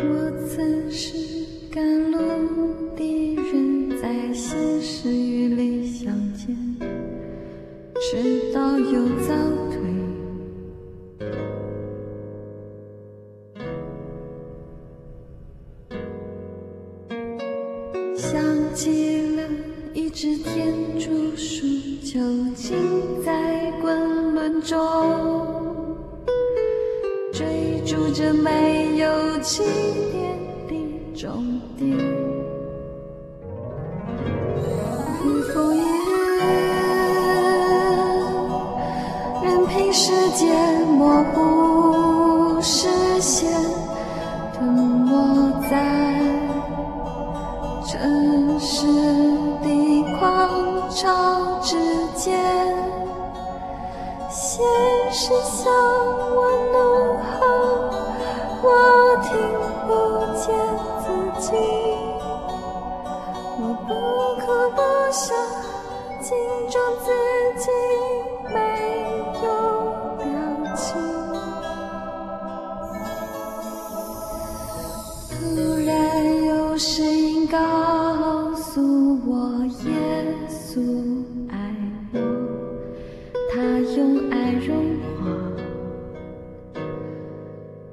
我曾是趕路的人，在現實與理想間，遲到又早退，像極了一隻天竺鼠，囚禁在滾輪中。住着沒有起點的終點，日復一日，任憑世界模糊視線，吞沒在城市的狂潮之間，現實向我怒吼。我不哭不笑，鏡中自己沒有表情。突然有聲音告訴我，耶穌愛我，他用愛融化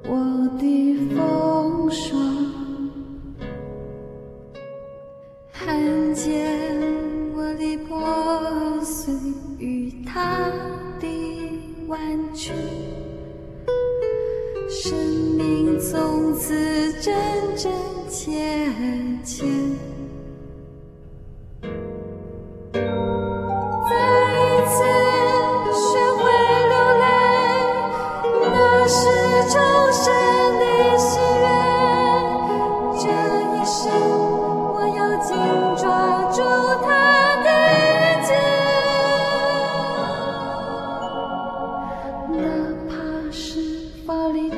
我的風霜。與祂的完全，生命從此真真切切。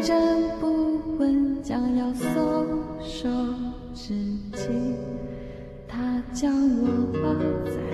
站不穩，將要鬆手之際，他將我抱在。